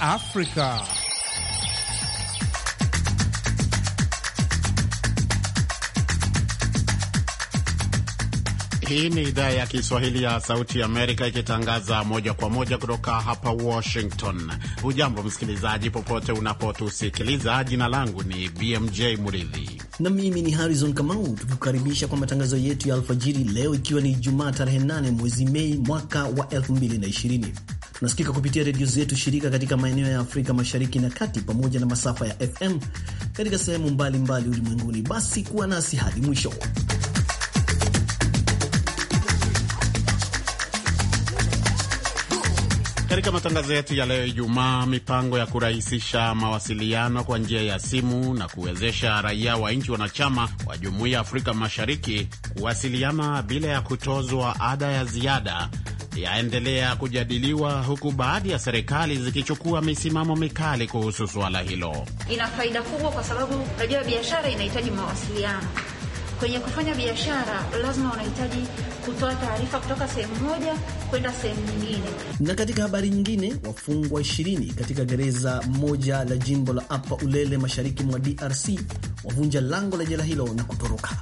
Afrika. Hii ni idhaa ya Kiswahili ya Sauti ya Amerika ikitangaza moja kwa moja kutoka hapa Washington. Hujambo msikilizaji, popote unapotusikiliza. Jina langu ni BMJ Muridhi na mimi ni Harrison Kamau, tukikukaribisha kwa matangazo yetu ya alfajiri leo, ikiwa ni Ijumaa tarehe 8 mwezi Mei mwaka wa 2020. Tunasikika kupitia redio zetu shirika katika maeneo ya Afrika Mashariki na Kati, pamoja na masafa ya FM katika sehemu mbalimbali ulimwenguni. Basi kuwa nasi hadi mwisho. Katika matangazo yetu ya leo Ijumaa, mipango ya kurahisisha mawasiliano kwa njia ya simu na kuwezesha raia wa nchi wanachama wa jumuiya ya Afrika Mashariki kuwasiliana bila ya kutozwa ada ya ziada yaendelea kujadiliwa huku baadhi ya serikali zikichukua misimamo mikali kuhusu suala hilo. Ina faida kubwa kwa sababu unajua biashara inahitaji mawasiliano. Kwenye kufanya biashara lazima unahitaji kutoa taarifa kutoka sehemu moja kwenda sehemu nyingine. Na katika habari nyingine, wafungwa ishirini katika gereza moja la jimbo la Apa Ulele mashariki mwa DRC wavunja lango la jela hilo na kutoroka.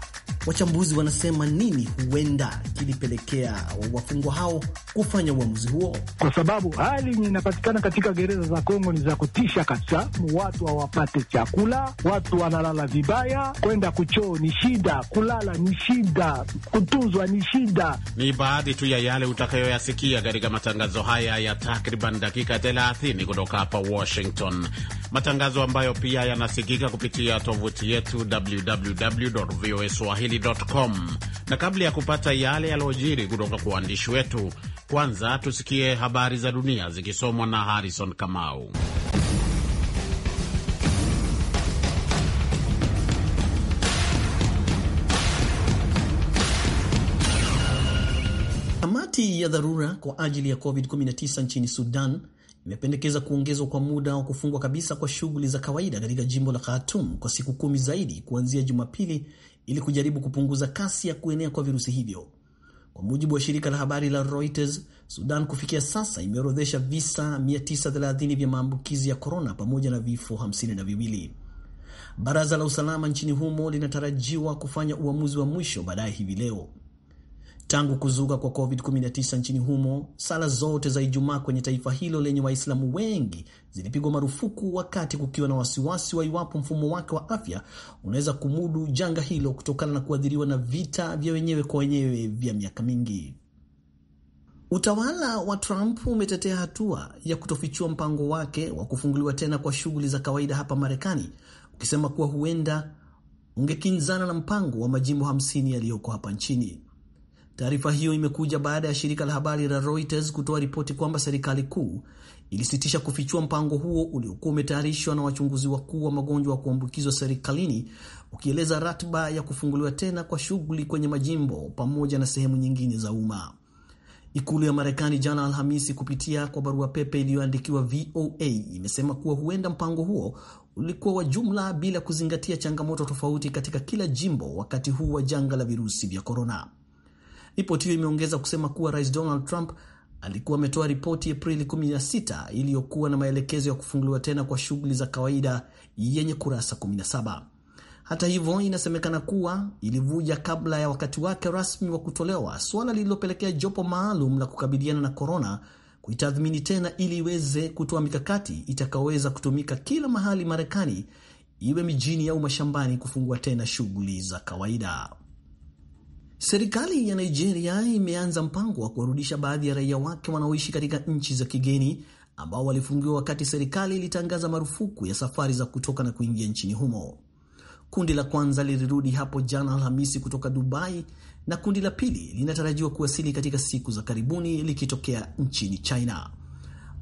Wachambuzi wanasema nini huenda kilipelekea wafungwa hao kufanya uamuzi huo, kwa sababu hali inapatikana katika gereza za Kongo ni za kutisha kabisa. Watu hawapate chakula, watu wanalala vibaya, kwenda kuchoo ni shida, kulala ni shida, kutunzwa ni shida. Ni baadhi tu ya yale utakayoyasikia katika matangazo haya ya takriban dakika 30 kutoka hapa Washington, matangazo ambayo pia yanasikika kupitia tovuti yetu www swahili swahili.com. Na kabla ya kupata yale yaliyojiri kutoka kwa waandishi wetu, kwanza tusikie habari za dunia zikisomwa na Harrison Kamau. Kamati ya dharura kwa ajili ya COVID-19 nchini Sudan imependekeza kuongezwa kwa muda wa kufungwa kabisa kwa shughuli za kawaida katika jimbo la Khartoum kwa siku kumi zaidi kuanzia Jumapili ili kujaribu kupunguza kasi ya kuenea kwa virusi hivyo. Kwa mujibu wa shirika la habari la Reuters, Sudan kufikia sasa imeorodhesha visa 930 vya maambukizi ya korona pamoja na vifo 52. Baraza la usalama nchini humo linatarajiwa kufanya uamuzi wa mwisho baadaye hivi leo. Tangu kuzuka kwa COVID-19 nchini humo, sala zote za Ijumaa kwenye taifa hilo lenye Waislamu wengi zilipigwa marufuku, wakati kukiwa na wasiwasi wa iwapo mfumo wake wa afya unaweza kumudu janga hilo kutokana na kuathiriwa na vita vya wenyewe kwa wenyewe vya miaka mingi. Utawala wa Trump umetetea hatua ya kutofichua mpango wake wa kufunguliwa tena kwa shughuli za kawaida hapa Marekani, ukisema kuwa huenda ungekinzana na mpango wa majimbo 50 yaliyoko hapa nchini. Taarifa hiyo imekuja baada ya shirika la habari la Reuters kutoa ripoti kwamba serikali kuu ilisitisha kufichua mpango huo uliokuwa umetayarishwa na wachunguzi wakuu wa magonjwa ya kuambukizwa serikalini, ukieleza ratiba ya kufunguliwa tena kwa shughuli kwenye majimbo pamoja na sehemu nyingine za umma. Ikulu ya Marekani jana Alhamisi, kupitia kwa barua pepe iliyoandikiwa VOA, imesema kuwa huenda mpango huo ulikuwa wa jumla bila kuzingatia changamoto tofauti katika kila jimbo wakati huu wa janga la virusi vya korona. Ripoti hiyo imeongeza kusema kuwa Rais Donald Trump alikuwa ametoa ripoti Aprili 16 iliyokuwa na maelekezo ya kufunguliwa tena kwa shughuli za kawaida yenye kurasa 17. Hata hivyo, inasemekana kuwa ilivuja kabla ya wakati wake rasmi wa kutolewa, suala lililopelekea jopo maalum la kukabiliana na korona kuitathmini tena ili iweze kutoa mikakati itakaoweza kutumika kila mahali Marekani, iwe mijini au mashambani, kufungua tena shughuli za kawaida. Serikali ya Nigeria imeanza mpango wa kuwarudisha baadhi ya raia wake wanaoishi katika nchi za kigeni ambao walifungiwa wakati serikali ilitangaza marufuku ya safari za kutoka na kuingia nchini humo. Kundi la kwanza lilirudi hapo jana Alhamisi kutoka Dubai na kundi la pili linatarajiwa kuwasili katika siku za karibuni likitokea nchini China.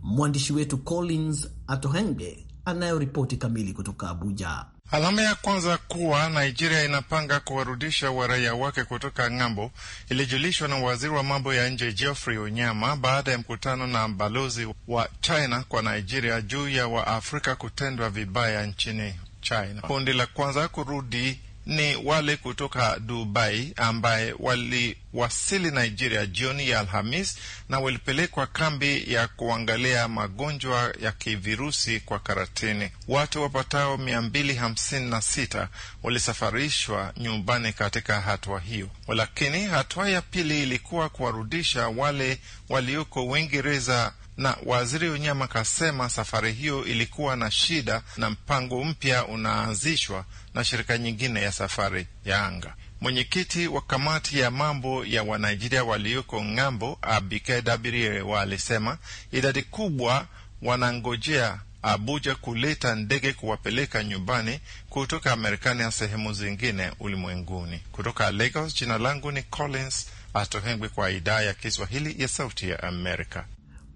Mwandishi wetu Collins Atohenge anayoripoti kamili kutoka Abuja. Alama ya kwanza kuwa Nigeria inapanga kuwarudisha waraia wake kutoka ng'ambo ilijulishwa na waziri wa mambo ya nje Geoffrey unyama baada ya mkutano na balozi wa China kwa Nigeria juu ya Waafrika kutendwa vibaya nchini China. Kundi la kwanza kurudi ni wale kutoka Dubai ambaye waliwasili Nigeria jioni ya Alhamis na walipelekwa kambi ya kuangalia magonjwa ya kivirusi kwa karantini. Watu wapatao mia mbili hamsini na sita walisafarishwa nyumbani katika hatua hiyo, lakini hatua ya pili ilikuwa kuwarudisha wale walioko Uingereza na waziri Onyama kasema safari hiyo ilikuwa na shida na mpango mpya unaanzishwa na shirika nyingine ya safari ya anga. Mwenyekiti wa kamati ya mambo ya Wanaijeria walioko ng'ambo, Abike alisema idadi kubwa wanangojea Abuja kuleta ndege kuwapeleka nyumbani kutoka Marekani na sehemu zingine ulimwenguni. Kutoka Lagos, jina langu ni Collins Atohengwi kwa idhaa ya Kiswahili ya Sauti ya Amerika.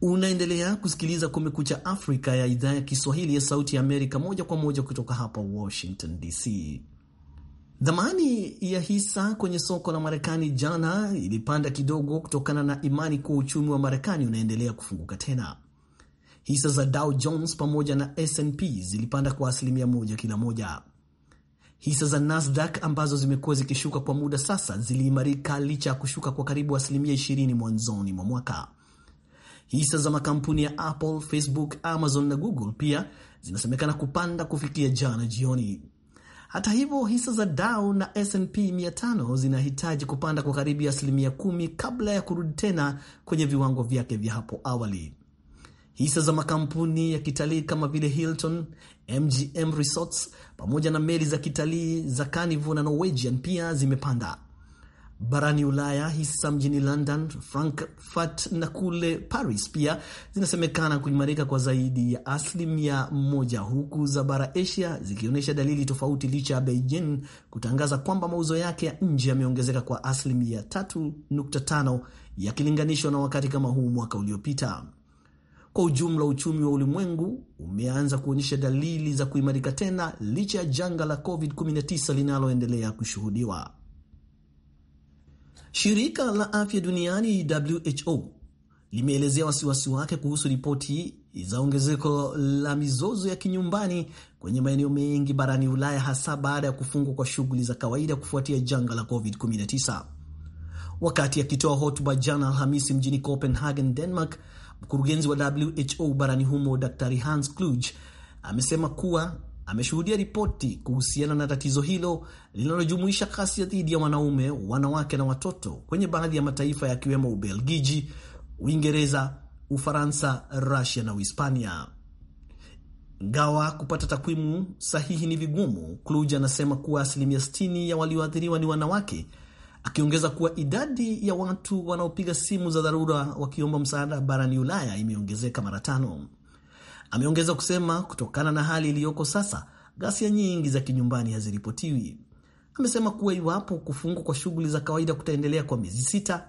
Unaendelea kusikiliza Kumekucha Afrika ya idhaa ya Kiswahili ya Sauti ya Amerika, moja kwa moja kutoka hapa Washington DC. Dhamani ya hisa kwenye soko la Marekani jana ilipanda kidogo kutokana na imani kuwa uchumi wa Marekani unaendelea kufunguka tena. Hisa za Dow Jones pamoja na S&P zilipanda kwa asilimia moja kila moja. Hisa za Nasdaq ambazo zimekuwa zikishuka kwa muda sasa ziliimarika licha ya kushuka kwa karibu asilimia 20 mwanzoni mwa mwaka. Hisa za makampuni ya Apple, Facebook, Amazon na Google pia zinasemekana kupanda kufikia jana jioni. Hata hivyo, hisa za Dow na S&P 500 zinahitaji kupanda kwa karibu ya asilimia kumi kabla ya kurudi tena kwenye viwango vyake vya hapo awali. Hisa za makampuni ya kitalii kama vile Hilton, MGM Resorts pamoja na meli za kitalii za Carnival na Norwegian pia zimepanda barani Ulaya, hisa mjini London, Frankfurt na kule Paris pia zinasemekana kuimarika kwa zaidi ya asilimia moja, huku za bara Asia zikionyesha dalili tofauti, licha ya Beijing kutangaza kwamba mauzo yake ya nje yameongezeka kwa asilimia 3.5 yakilinganishwa na wakati kama huu mwaka uliopita. Kwa ujumla uchumi wa ulimwengu umeanza kuonyesha dalili za kuimarika tena licha ya janga la COVID-19 linaloendelea kushuhudiwa. Shirika la afya duniani WHO limeelezea wasiwasi wake kuhusu ripoti za ongezeko la mizozo ya kinyumbani kwenye maeneo mengi barani Ulaya, hasa baada ya kufungwa kwa shughuli za kawaida kufuatia janga la COVID-19. Wakati akitoa hotuba jana Alhamisi mjini Copenhagen, Denmark, mkurugenzi wa WHO barani humo Dr Hans Kluge amesema kuwa ameshuhudia ripoti kuhusiana na tatizo hilo linalojumuisha ghasia dhidi ya wanaume, wanawake na watoto kwenye baadhi ya mataifa yakiwemo Ubelgiji, Uingereza, Ufaransa, Rusia na Uhispania. Ingawa kupata takwimu sahihi ni vigumu, Kluj anasema kuwa asilimia 60 ya walioathiriwa ni wanawake, akiongeza kuwa idadi ya watu wanaopiga simu za dharura wakiomba msaada barani Ulaya imeongezeka mara tano. Ameongeza kusema kutokana na hali iliyoko sasa, ghasia nyingi za kinyumbani haziripotiwi. Amesema kuwa iwapo kufungwa kwa shughuli za kawaida kutaendelea kwa miezi sita,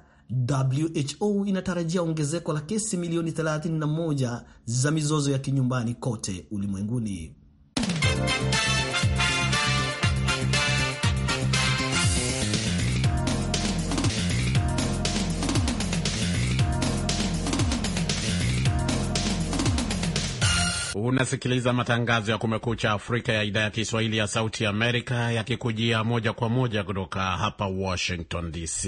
WHO inatarajia ongezeko la kesi milioni 31 za mizozo ya kinyumbani kote ulimwenguni. Unasikiliza matangazo ya Kumekucha Afrika ya idhaa ya Kiswahili ya Sauti Amerika yakikujia moja kwa moja kutoka hapa Washington DC.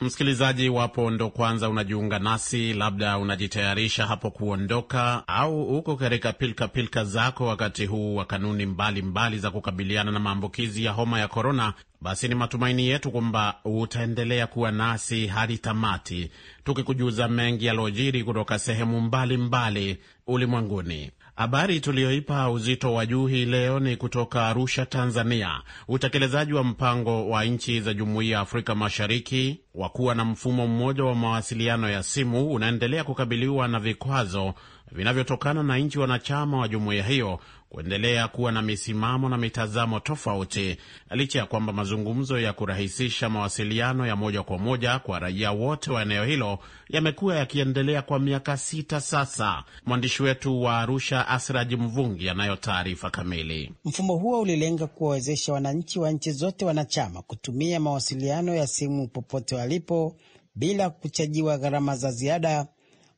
Msikilizaji, wapo ndo kwanza unajiunga nasi, labda unajitayarisha hapo kuondoka au uko katika pilkapilka zako wakati huu wa kanuni mbalimbali za kukabiliana na maambukizi ya homa ya korona basi ni matumaini yetu kwamba utaendelea kuwa nasi hadi tamati, tukikujuza mengi yaliojiri kutoka sehemu mbalimbali ulimwenguni. Habari tuliyoipa uzito wa juu hii leo ni kutoka Arusha, Tanzania. Utekelezaji wa mpango wa nchi za Jumuiya ya Afrika Mashariki wa kuwa na mfumo mmoja wa mawasiliano ya simu unaendelea kukabiliwa na vikwazo vinavyotokana na nchi wanachama wa jumuiya hiyo kuendelea kuwa na misimamo na mitazamo tofauti licha ya kwamba mazungumzo ya kurahisisha mawasiliano ya moja kwa moja kwa raia wote wa eneo hilo yamekuwa yakiendelea kwa miaka sita sasa. Mwandishi wetu wa Arusha, Asraji Mvungi, anayo taarifa kamili. Mfumo huo ulilenga kuwawezesha wananchi wa nchi zote wanachama kutumia mawasiliano ya simu popote walipo bila kuchajiwa gharama za ziada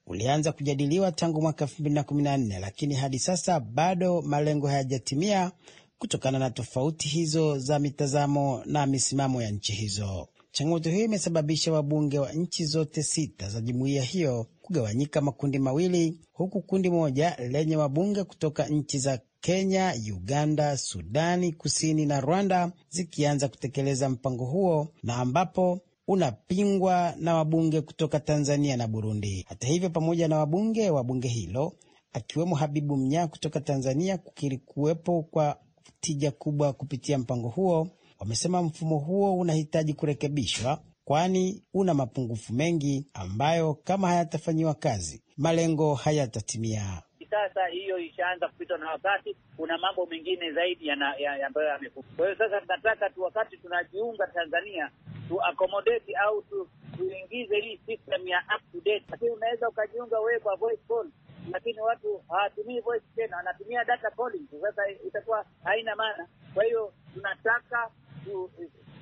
ulianza kujadiliwa tangu mwaka 2014 lakini hadi sasa bado malengo hayajatimia kutokana na tofauti hizo za mitazamo na misimamo ya nchi hizo. Changamoto hiyo imesababisha wabunge wa nchi zote sita za jumuiya hiyo kugawanyika makundi mawili, huku kundi moja lenye wabunge kutoka nchi za Kenya, Uganda, Sudani Kusini na Rwanda zikianza kutekeleza mpango huo na ambapo unapingwa na wabunge kutoka Tanzania na Burundi. Hata hivyo, pamoja na wabunge wa bunge hilo akiwemo Habibu Mnyaa kutoka Tanzania kukiri kuwepo kwa tija kubwa kupitia mpango huo, wamesema mfumo huo unahitaji kurekebishwa, kwani una mapungufu mengi ambayo kama hayatafanyiwa kazi malengo hayatatimia. Sasa hiyo ishaanza kupitwa na wakati. Kuna mambo mengine zaidi ambayo ya ya, ya Kwa hiyo sasa tunataka tu wakati tunajiunga Tanzania tu accommodate au tu, tuingize hii system ya up to date, lakini unaweza ukajiunga wewe kwa voice call lakini watu hawatumii voice tena, wanatumia data calling. Sasa itakuwa haina maana. Kwa hiyo tunataka tu,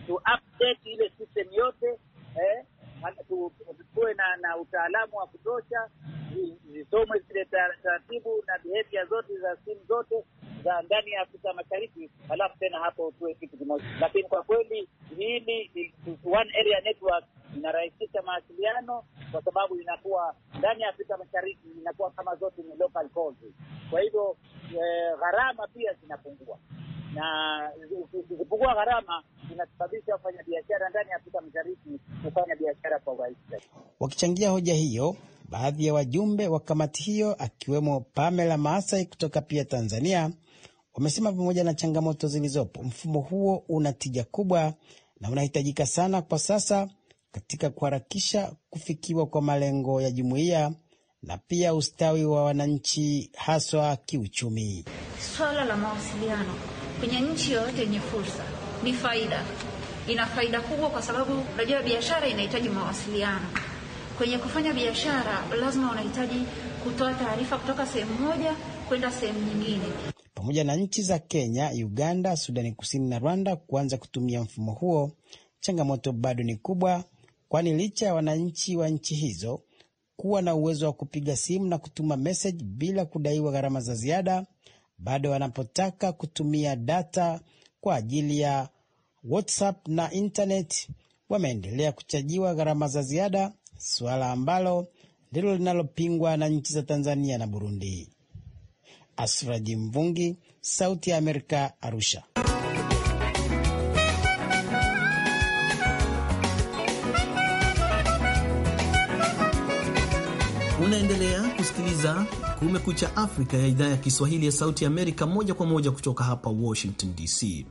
tu update ile system yote eh, tuwe na, na utaalamu wa kutosha, zisomwe zile taratibu na behavior zote za simu zote za ndani ya Afrika Mashariki, halafu tena hapo tuwe kitu kimoja. Lakini kwa kweli hili one area network inarahisisha mawasiliano kwa sababu inakuwa ndani ya Afrika Mashariki, inakuwa kama zote ni local calls. Kwa hivyo eh, gharama pia zinapungua na ukipungua gharama inasababisha wafanyabiashara ndani ya Afrika Mashariki kufanya biashara kwa urahisi. Wakichangia hoja hiyo, baadhi ya wajumbe wa kamati hiyo akiwemo Pamela Maasai kutoka pia Tanzania wamesema pamoja na changamoto zilizopo, mfumo huo una tija kubwa na unahitajika sana kwa sasa katika kuharakisha kufikiwa kwa malengo ya jumuiya na pia ustawi wa wananchi haswa kiuchumi. Swala la mawasiliano kwenye nchi yoyote yenye fursa ni faida, ina faida kubwa, kwa sababu unajua biashara inahitaji mawasiliano. Kwenye kufanya biashara lazima unahitaji kutoa taarifa kutoka sehemu moja kwenda sehemu nyingine. Pamoja na nchi za Kenya, Uganda, Sudani Kusini na Rwanda kuanza kutumia mfumo huo, changamoto bado ni kubwa, kwani licha ya wananchi wa nchi hizo kuwa na uwezo wa kupiga simu na kutuma meseji bila kudaiwa gharama za ziada, bado wanapotaka kutumia data kwa ajili ya WhatsApp na internet wameendelea kuchajiwa gharama za ziada, suala ambalo ndilo linalopingwa na nchi za Tanzania na Burundi. Asraji Mvungi, Sauti ya Amerika, Arusha. kusikiliza Kumekucha Afrika ya idhaa ya Kiswahili ya Sauti Amerika, moja kwa moja kutoka hapa Washington DC.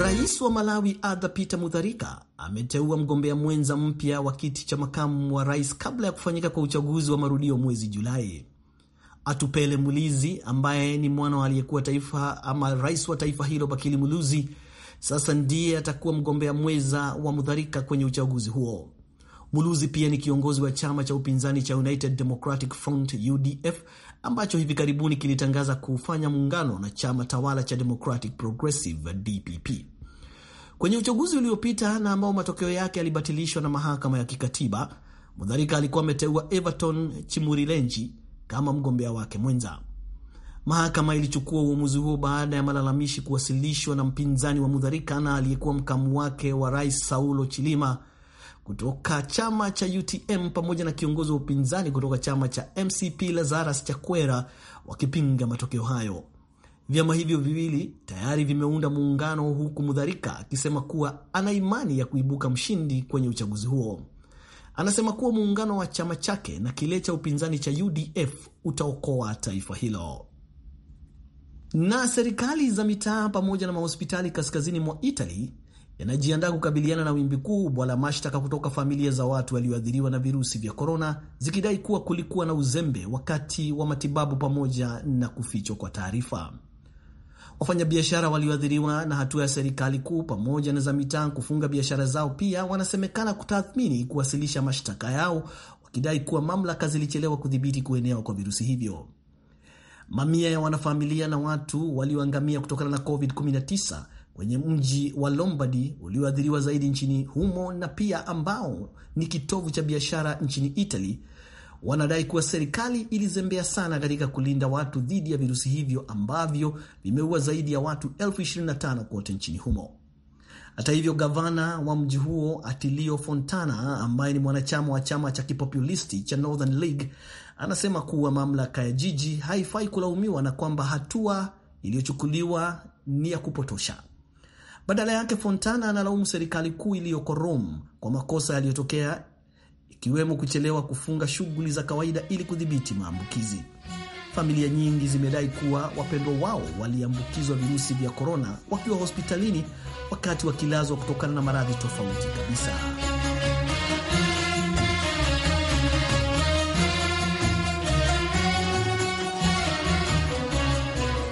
Rais wa Malawi Adha Peter Mutharika ameteua mgombea mwenza mpya wa kiti cha makamu wa rais kabla ya kufanyika kwa uchaguzi wa marudio mwezi Julai. Atupele Mulizi ambaye ni mwana wa aliyekuwa taifa ama rais wa taifa hilo Bakili Muluzi sasa ndiye atakuwa mgombea mweza wa Mudharika kwenye uchaguzi huo. muluzi pia ni kiongozi wa chama cha upinzani cha United Democratic Front UDF ambacho hivi karibuni kilitangaza kufanya muungano na chama tawala cha Democratic Progressive DPP kwenye uchaguzi uliopita na ambao matokeo yake yalibatilishwa na mahakama ya kikatiba. Mudharika alikuwa ameteua Everton Chimurilenji kama mgombea wake mwenza. Mahakama ilichukua uamuzi huo baada ya malalamishi kuwasilishwa na mpinzani wa Mudharika na aliyekuwa mkamu wake wa rais Saulo Chilima kutoka chama cha UTM pamoja na kiongozi wa upinzani kutoka chama cha MCP Lazarus Chakwera wakipinga matokeo hayo. Vyama hivyo viwili tayari vimeunda muungano huku Mudharika akisema kuwa ana imani ya kuibuka mshindi kwenye uchaguzi huo. Anasema kuwa muungano wa chama chake na kile cha upinzani cha UDF utaokoa taifa hilo. Na serikali za mitaa pamoja na mahospitali kaskazini mwa Italy yanajiandaa kukabiliana na wimbi kubwa la mashtaka kutoka familia za watu walioathiriwa na virusi vya korona, zikidai kuwa kulikuwa na uzembe wakati wa matibabu pamoja na kufichwa kwa taarifa. Wafanyabiashara walioathiriwa na hatua ya serikali kuu pamoja na za mitaa kufunga biashara zao pia wanasemekana kutathmini kuwasilisha mashtaka yao, wakidai kuwa mamlaka zilichelewa kudhibiti kuenea kwa virusi hivyo. Mamia ya wanafamilia na watu walioangamia kutokana na COVID-19 kwenye mji wa lombardi ulioathiriwa zaidi nchini humo na pia ambao ni kitovu cha biashara nchini Italy wanadai kuwa serikali ilizembea sana katika kulinda watu dhidi ya virusi hivyo ambavyo vimeua zaidi ya watu elfu 25 kote nchini humo. Hata hivyo, gavana wa mji huo Atilio Fontana, ambaye ni mwanachama wa chama cha kipopulisti cha Northern League, anasema kuwa mamlaka ya jiji haifai kulaumiwa na kwamba hatua iliyochukuliwa ni ya kupotosha. Badala yake, Fontana analaumu serikali kuu iliyoko Rome kwa makosa yaliyotokea ikiwemo kuchelewa kufunga shughuli za kawaida ili kudhibiti maambukizi. Familia nyingi zimedai kuwa wapendwa wao waliambukizwa virusi vya korona wakiwa hospitalini wakati wakilazwa kutokana na maradhi tofauti kabisa.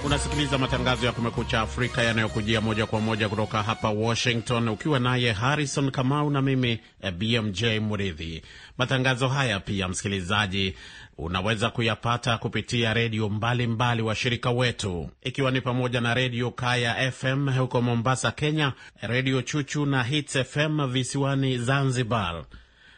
Unasikiliza matangazo ya Kumekucha Afrika yanayokujia moja kwa moja kutoka hapa Washington, ukiwa naye Harrison Kamau na mimi eh, BMJ Muridhi. Matangazo haya pia, msikilizaji, unaweza kuyapata kupitia redio mbalimbali washirika wetu, ikiwa ni pamoja na redio Kaya FM huko Mombasa, Kenya, redio Chuchu na Hits FM visiwani Zanzibar.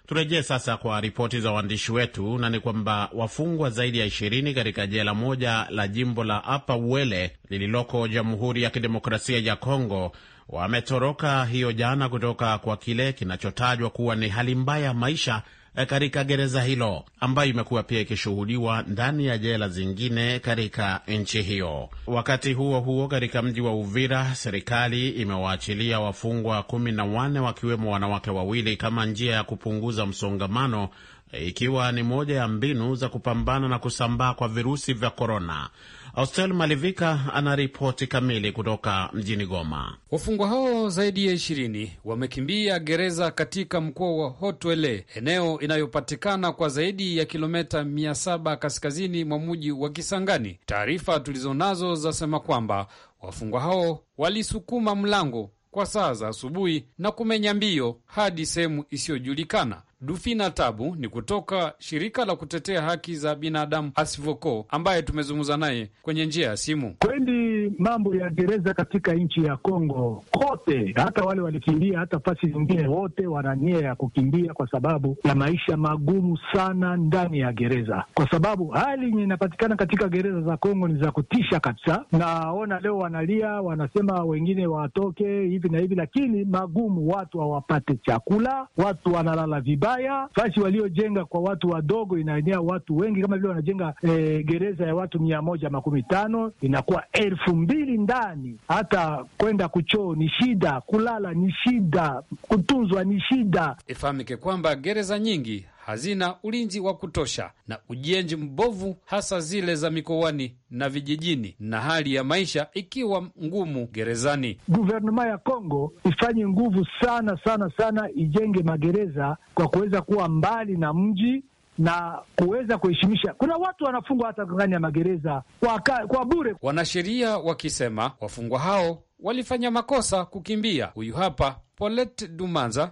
Turejee sasa kwa ripoti za waandishi wetu, na ni kwamba wafungwa zaidi ya ishirini katika jela moja la jimbo la Apa Uele lililoko Jamhuri ya Kidemokrasia ya Kongo wametoroka hiyo jana kutoka kwa kile kinachotajwa kuwa ni hali mbaya ya maisha Eh, katika gereza hilo ambayo imekuwa pia ikishuhudiwa ndani ya jela zingine katika nchi hiyo. Wakati huo huo, katika mji wa Uvira, serikali imewaachilia wafungwa kumi na wanne wakiwemo wanawake wawili kama njia ya kupunguza msongamano eh, ikiwa ni moja ya mbinu za kupambana na kusambaa kwa virusi vya korona. Austel Malivika anaripoti kamili kutoka mjini Goma. Wafungwa hao zaidi ya ishirini wamekimbia gereza katika mkoa wa Hotwele, eneo inayopatikana kwa zaidi ya kilometa mia saba kaskazini mwa mji wa Kisangani. Taarifa tulizonazo zasema kwamba wafungwa hao walisukuma mlango kwa saa za asubuhi na kumenya mbio hadi sehemu isiyojulikana. Dufina Tabu ni kutoka shirika la kutetea haki za binadamu Asivoko, ambaye tumezungumza naye kwenye njia ya simu Kwendi mambo ya gereza katika nchi ya Kongo kote, hata wale walikimbia hata fasi zingine, wote wana nia ya kukimbia kwa sababu ya maisha magumu sana ndani ya gereza, kwa sababu hali yenye inapatikana katika gereza za Kongo ni za kutisha kabisa. Naona leo wanalia, wanasema wengine watoke hivi na hivi, lakini magumu, watu hawapate chakula, watu wanalala vibaya. Fasi waliojenga kwa watu wadogo inaenea watu wengi, kama vile wanajenga eh, gereza ya watu mia moja makumi tano inakuwa elfu mbili ndani, hata kwenda kuchoo ni shida, kulala ni shida, kutunzwa ni shida. Ifahamike kwamba gereza nyingi hazina ulinzi wa kutosha na ujenzi mbovu, hasa zile za mikoani na vijijini, na hali ya maisha ikiwa ngumu gerezani. Guvernema ya Kongo ifanye nguvu sana sana sana, ijenge magereza kwa kuweza kuwa mbali na mji na kuweza kuheshimisha. Kuna watu wanafungwa hata ndani ya magereza kwa, kwa bure. Wanasheria wakisema wafungwa hao walifanya makosa kukimbia. Huyu hapa Paulette Dumanza.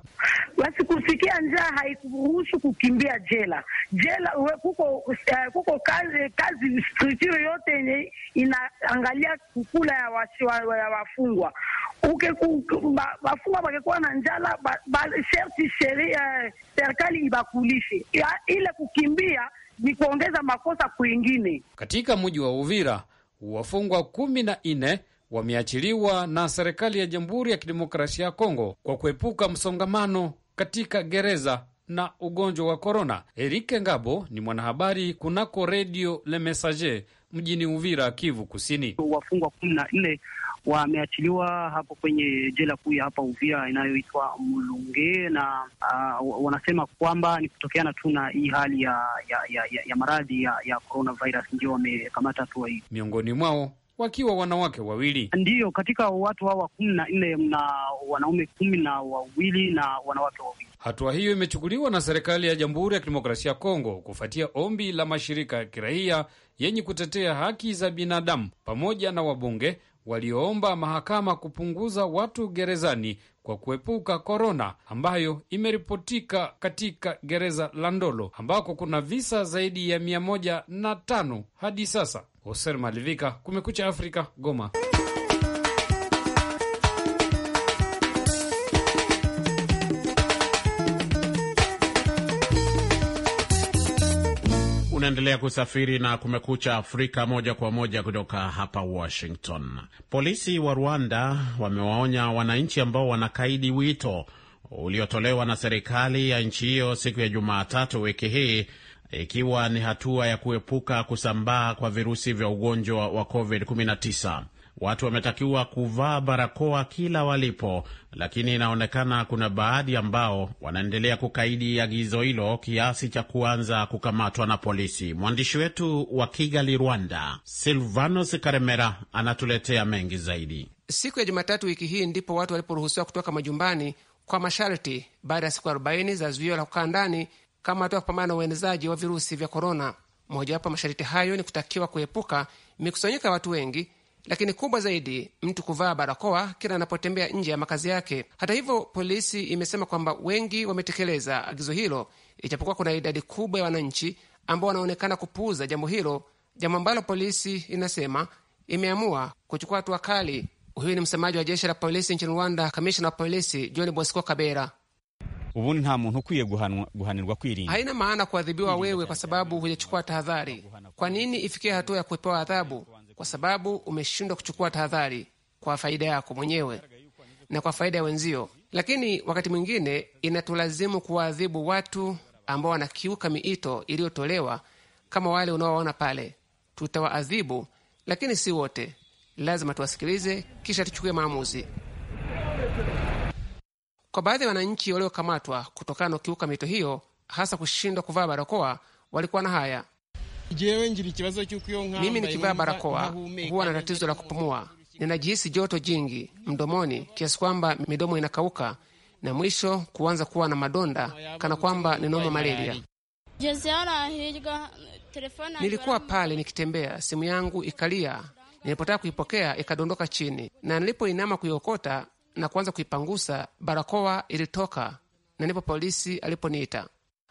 Basi kufikia njaa haikuruhusu kukimbia jela. Jela kuko, uh, kuko kazi, kazi structure yote yenye inaangalia kukula ya, wa, ya wafungwa wafungwa wakekuwa na njala sherti sheria eh, serikali ibakulishe. Ile kukimbia ni kuongeza makosa kwingine. Katika mji wa Uvira wafungwa kumi na nne wameachiliwa na serikali ya Jamhuri ya Kidemokrasia ya Kongo kwa kuepuka msongamano katika gereza na ugonjwa wa korona. Erike Ngabo ni mwanahabari kunako redio Le Messager mjini Uvira, Kivu Kusini. Wafungwa kumi na nne wameachiliwa hapo kwenye jela kuu ya hapa Uvira inayoitwa Mulunge na uh, wanasema kwamba ni kutokeana tu na hii hali ya, ya, ya, ya maradhi ya, ya coronavirus ndio wamekamata hatua hii. Miongoni mwao wakiwa wanawake wawili. Ndiyo, katika watu hawa kumi na nne mna wanaume kumi na wawili na wanawake wawili. Hatua hiyo imechukuliwa na serikali ya Jamhuri ya Kidemokrasia ya Kongo kufuatia ombi la mashirika ya kiraia yenye kutetea haki za binadamu pamoja na wabunge walioomba mahakama kupunguza watu gerezani kwa kuepuka korona ambayo imeripotika katika gereza la Ndolo ambako kuna visa zaidi ya mia moja na tano hadi sasa. Hoser Malivika, Kumekucha Afrika, Goma. Unaendelea kusafiri na Kumekucha Afrika moja kwa moja kutoka hapa Washington. Polisi wa Rwanda wamewaonya wananchi ambao wanakaidi wito uliotolewa na serikali ya nchi hiyo siku ya Jumatatu wiki hii ikiwa ni hatua ya kuepuka kusambaa kwa virusi vya ugonjwa wa COVID-19. Watu wametakiwa kuvaa barakoa kila walipo, lakini inaonekana kuna baadhi ambao wanaendelea kukaidi agizo hilo kiasi cha kuanza kukamatwa na polisi. Mwandishi wetu wa Kigali, Rwanda, Silvanos Karemera anatuletea mengi zaidi. Siku ya Jumatatu wiki hii ndipo watu waliporuhusiwa kutoka majumbani kwa masharti baada ya siku 40 za zuio la kukaa ndani kama hatua ya kupambana na uenezaji wa virusi vya korona. Mojawapo ya masharti hayo ni kutakiwa kuepuka mikusanyiko ya watu wengi, lakini kubwa zaidi, mtu kuvaa barakoa kila anapotembea nje ya makazi yake. Hata hivyo, polisi imesema kwamba wengi wametekeleza agizo hilo, ijapokuwa kuna idadi kubwa ya wananchi ambao wanaonekana kupuuza jambo hilo, jambo ambalo polisi inasema imeamua kuchukua hatua kali. Huyu ni msemaji wa jeshi la polisi nchini Rwanda, kamishna wa polisi John Bosco Kabera ubundi nta muntu ukwiye guhanirwa kwirinda. Haina maana kuadhibiwa wewe kwa sababu hujachukua tahadhari. Kwa nini ifikie hatua ya kupewa adhabu kwa sababu umeshindwa kuchukua tahadhari kwa faida yako mwenyewe na kwa faida ya wenzio? Lakini wakati mwingine inatulazimu kuwaadhibu watu ambao wanakiuka miito iliyotolewa, kama wale unaowaona pale. Tutawaadhibu, lakini si wote. Lazima tuwasikilize, kisha tuchukue maamuzi. Kwa baadhi ya wananchi waliokamatwa kutokana na ukiuka mito hiyo, hasa kushindwa kuvaa barakoa, walikuwa na haya: mimi nikivaa barakoa huwa na tatizo la kupumua, ninajihisi joto jingi mdomoni kiasi kwamba midomo inakauka na mwisho kuanza kuwa na madonda kana kwamba ninoma malaria. Nilikuwa pale nikitembea, simu yangu ikalia, nilipotaka kuipokea ikadondoka chini, na nilipoinama kuiokota na kuanza kuipangusa, barakoa ilitoka na ndipo polisi aliponiita.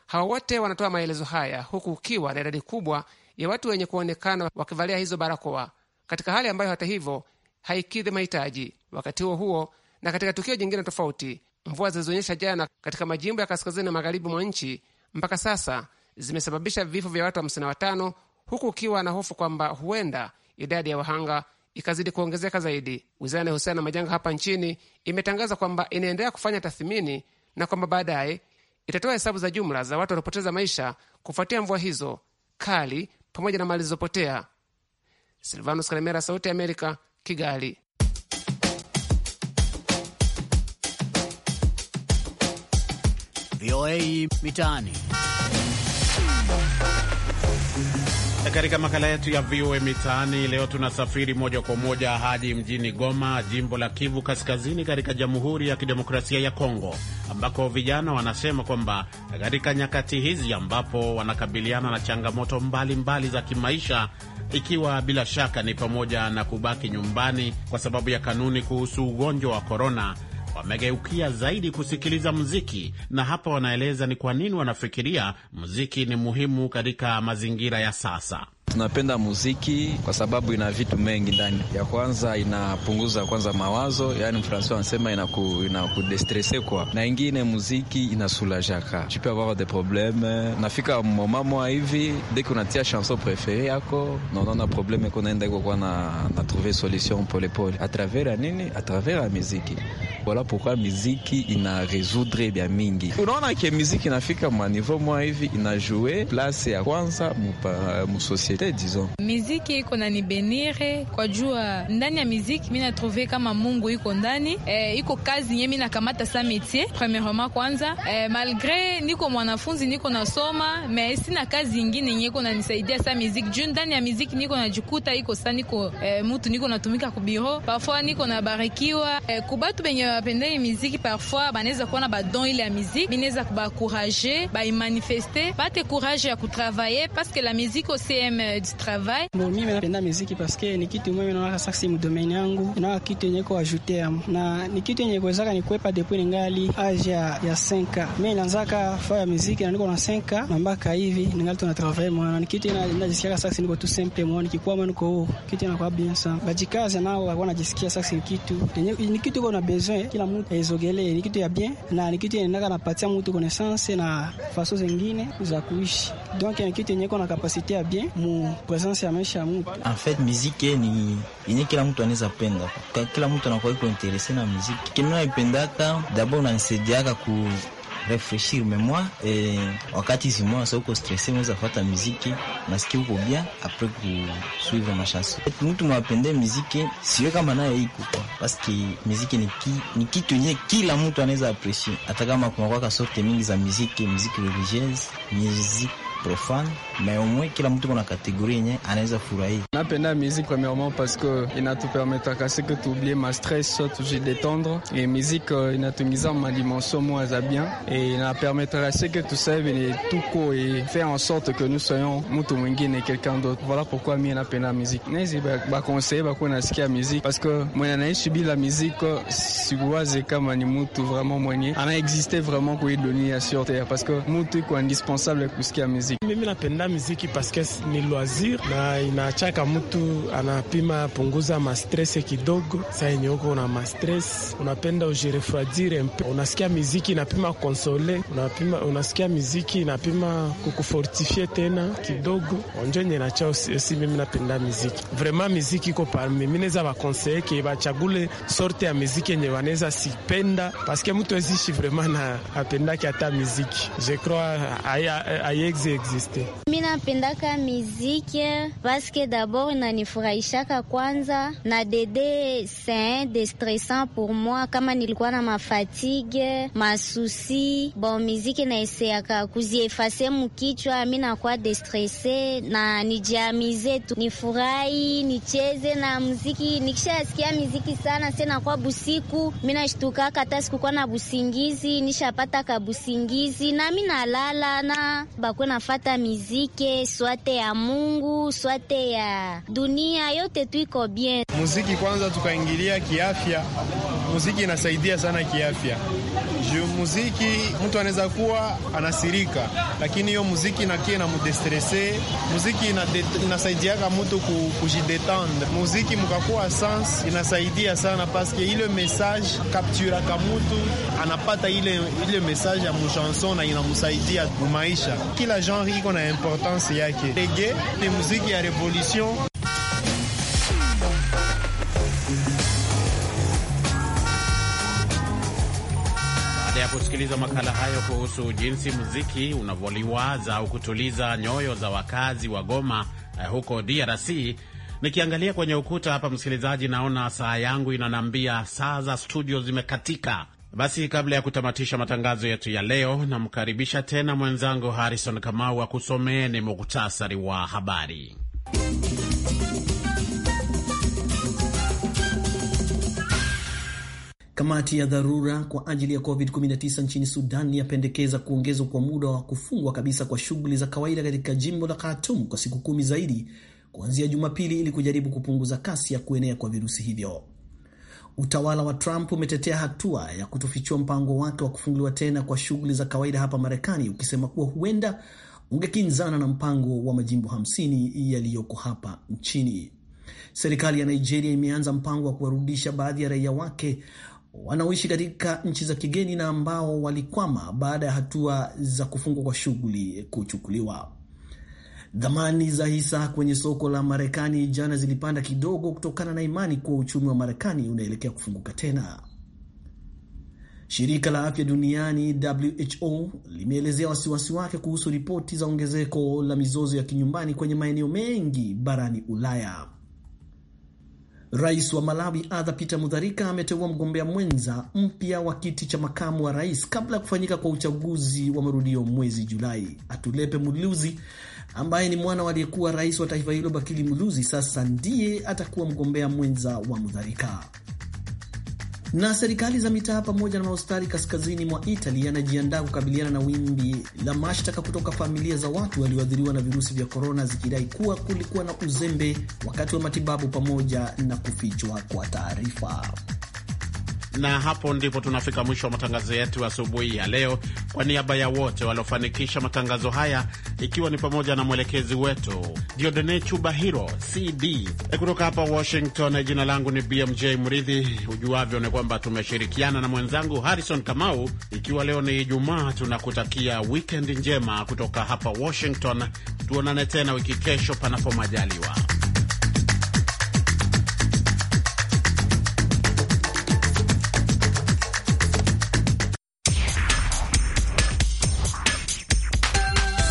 Hawa wote wanatoa maelezo haya huku ukiwa na idadi kubwa ya watu wenye kuonekana wakivalia hizo barakoa katika hali ambayo hata hivyo haikidhi mahitaji. Wakati huo huo, na katika tukio jingine tofauti, mvua zilizoonyesha jana katika majimbo ya kaskazini na magharibi mwa nchi mpaka sasa zimesababisha vifo vya watu 55 wa huku ukiwa na hofu kwamba huenda idadi ya wahanga ikazidi kuongezeka zaidi. Wizara inayohusiana na majanga hapa nchini imetangaza kwamba inaendelea kufanya tathmini na kwamba baadaye itatoa hesabu za jumla za watu waliopoteza maisha kufuatia mvua hizo kali pamoja na mali zilizopotea. Silvanus Kalemera, Sauti ya Amerika, Kigali. VOA Mitaani. Katika makala yetu ya VOA Mitaani leo tunasafiri moja kwa moja hadi mjini Goma, jimbo la Kivu Kaskazini, katika Jamhuri ya Kidemokrasia ya Kongo, ambako vijana wanasema kwamba katika nyakati hizi ambapo wanakabiliana na changamoto mbalimbali mbali za kimaisha, ikiwa bila shaka ni pamoja na kubaki nyumbani kwa sababu ya kanuni kuhusu ugonjwa wa korona wamegeukia zaidi kusikiliza muziki, na hapa wanaeleza ni kwa nini wanafikiria muziki ni muhimu katika mazingira ya sasa. Tunapenda muziki kwa sababu ina vitu mengi ndani. Ya kwanza inapunguza kwanza mawazo, yani mfransi wanasema inaku, inakudestrese kwa, na ingine muziki inasulajaka tu avoir de probleme. Nafika moma hivi dès unatia chanson preferee yako naonana probleme ko naenda iko kwa na, na trouver solution polepole a travers ya nini? A travers ya muziki. wala pourquoi muziki ina résoudre bia mingi. Unaona ke muziki inafika mwa niveau mwa hivi inajoue place ya kwanza mu, uh, mu societe disons. Miziki iko na nibenire kwa jua ndani ya miziki mimi natrouve kama Mungu iko ndani e, iko kazi yenyewe mimi nakamata sa métier premièrement kwanza e, malgré niko mwanafunzi niko nasoma mais sina kazi nyingine yenyewe iko nanisaidia sa miziki juu ndani ya miziki niko najikuta iko sa niko e, mtu niko natumika ku parfois niko nabarikiwa e, kubatu benye bapendeli miziki parfois banaweza kuona badon ile ya miziki binaweza kubakouraje baimanifeste bate courage ya kutravailler parce la musique au même euh, du travail. Bon, mimi napenda muziki parce que ni kitu mimi naona sasa si mdomaine yangu. Naona kitu yenye kwa ajouter na ni kitu yenye kuwezaka ni kuepa depuis ningali age ya 5. Mimi naanzaka fanya muziki na niko na 5 na mpaka hivi ningali tuna travail mwana. Ni kitu ninajisikia sasa niko tu simple mwana nikikuwa mwana niko kitu inakuwa bien sana. Bajikazi nao wako najisikia sasa ni kitu ni kitu iko na besoin kila mtu aizogelee, ni kitu ya bien na ni kitu yenye napatia mtu connaissance na faso zingine za kuishi. Donc ni kitu yenye iko na capacité ya bien ni presence ya maisha ya mtu. En fait muziki ni yenye kila mtu anaweza penda, kila mtu anakuwa iko interese na muziki kini naipendaka dabo unanisaidiaka ku refreshir memoire eh, wakati zimoa sa uko stresse unaweza fata muziki nasikia uko bia apres kusuivre mashanso. Mtu mwapende muziki siwe kama nayo iko kwa paske muziki ni, ki, ni kitu yenye kila mtu anaweza aprecie, hata kama kunakwaka sorte mingi za muziki, muziki religieuse, muziki profane mais au moins kila mtu kuna kategoria yenye anaweza furahia. Napenda musique premièrement parce que que tu tuublie ma stress so détendre, et musique euh, inatuingiza en dimension za bien et inapermettra seke tusave tout tuko et faire en sorte que nous soyons mutu mwingine quelqu'un d'autre. Voilà pourquoi mie napenda musique nezi bakonseye kuna nasikia musique parce que mwenye subi la musique sikuwaze kama ni mutu vraiment mwenye existé vraiment kuidunia sur terre parce que mutu iko indispensable kusikia musique muziki. Mimi napenda muziki paske ni loisir na inaachaka mtu anapima punguza mastrese kidogo. Saa yenye uko na mastrese unapenda ujirefradire mpe, unasikia muziki inapima konsole, unapima, unasikia muziki inapima kukufortifie tena kidogo, onjonye nacha osi. Mimi napenda muziki vrema, muziki iko parmi mineza vakonseyeke vachagule sorte ya muziki yenye wanaweza sipenda paske mtu ezishi vrema na apendake hata muziki je crois ayexe existe. Mi napendaka mizike paske dabord inanifurahishaka kwanza, na dede sen destressant pour moi, kama nilikuwa na mafatige masusi, bon mizike naeseaka kuziefase mukichwa, mi nakuwa destresse na nijiamize tu, nifurahi nicheze na muziki. Nikishasikia miziki sana se nakuwa busiku, mi nashtukaka hata sikukuwa na busingizi, nishapata kabusingizi nami nalala na bakwe na tunafata mizike swate ya Mungu swate ya dunia yote, tuiko bien. Muziki kwanza tukaingilia kiafya muziki inasaidia sana kiafya. Juu muziki mtu anaweza kuwa anasirika, lakini hiyo muziki nakie na mudestrese. Muziki inasaidiaka mtu kujidetendre. Muziki mkakuwa sans inasaidia sana paske ile message kapturaka mutu anapata ile, ile message ya mushanson na inamusaidia mumaisha. Kila genre iko na importance yake. Reggae ni muziki ya revolution. kusikiliza makala hayo kuhusu jinsi muziki unavyoliwaza au kutuliza nyoyo za wakazi wa Goma eh, huko DRC. Nikiangalia kwenye ukuta hapa, msikilizaji, naona saa yangu inanaambia saa za studio zimekatika. Basi kabla ya kutamatisha matangazo yetu ya leo, namkaribisha tena mwenzangu Harrison Kamau akusomee ni muktasari wa habari. Kamati ya dharura kwa ajili ya COVID-19 nchini Sudan yapendekeza kuongezwa kwa muda wa kufungwa kabisa kwa shughuli za kawaida katika jimbo la Khartoum kwa siku kumi zaidi kuanzia Jumapili ili kujaribu kupunguza kasi ya kuenea kwa virusi hivyo. Utawala wa Trump umetetea hatua ya kutofichua mpango wake wa kufunguliwa tena kwa shughuli za kawaida hapa Marekani, ukisema kuwa huenda ungekinzana na mpango wa majimbo 50 yaliyoko hapa nchini. Serikali ya Nigeria imeanza mpango wa kuwarudisha baadhi ya raia wake wanaoishi katika nchi za kigeni na ambao walikwama baada ya hatua za kufungwa kwa shughuli kuchukuliwa. Dhamani za hisa kwenye soko la Marekani jana zilipanda kidogo kutokana na imani kuwa uchumi wa Marekani unaelekea kufunguka tena. Shirika la afya duniani WHO limeelezea wasiwasi wake kuhusu ripoti za ongezeko la mizozo ya kinyumbani kwenye maeneo mengi barani Ulaya. Rais wa Malawi Arthur Peter Mutharika ameteua mgombea mwenza mpya wa kiti cha makamu wa rais kabla ya kufanyika kwa uchaguzi wa marudio mwezi Julai. Atulepe Muluzi ambaye ni mwana waliyekuwa rais wa taifa hilo Bakili Muluzi sasa ndiye atakuwa mgombea mwenza wa Mutharika. Na serikali za mitaa pamoja na mahospitali kaskazini mwa Itali yanajiandaa kukabiliana na wimbi la mashtaka kutoka familia za watu walioathiriwa na virusi vya korona, zikidai kuwa kulikuwa na uzembe wakati wa matibabu pamoja na kufichwa kwa taarifa. Na hapo ndipo tunafika mwisho wa matangazo yetu asubuhi ya leo. Kwa niaba ya wote waliofanikisha matangazo haya, ikiwa ni pamoja na mwelekezi wetu Diodene Chubahiro CD eh, kutoka hapa Washington, eh, jina langu ni BMJ Mridhi. Ujuavyo ni kwamba tumeshirikiana na mwenzangu Harrison Kamau. Ikiwa leo ni Ijumaa, tunakutakia wikendi njema kutoka hapa Washington. Tuonane tena wiki kesho, panapo majaliwa.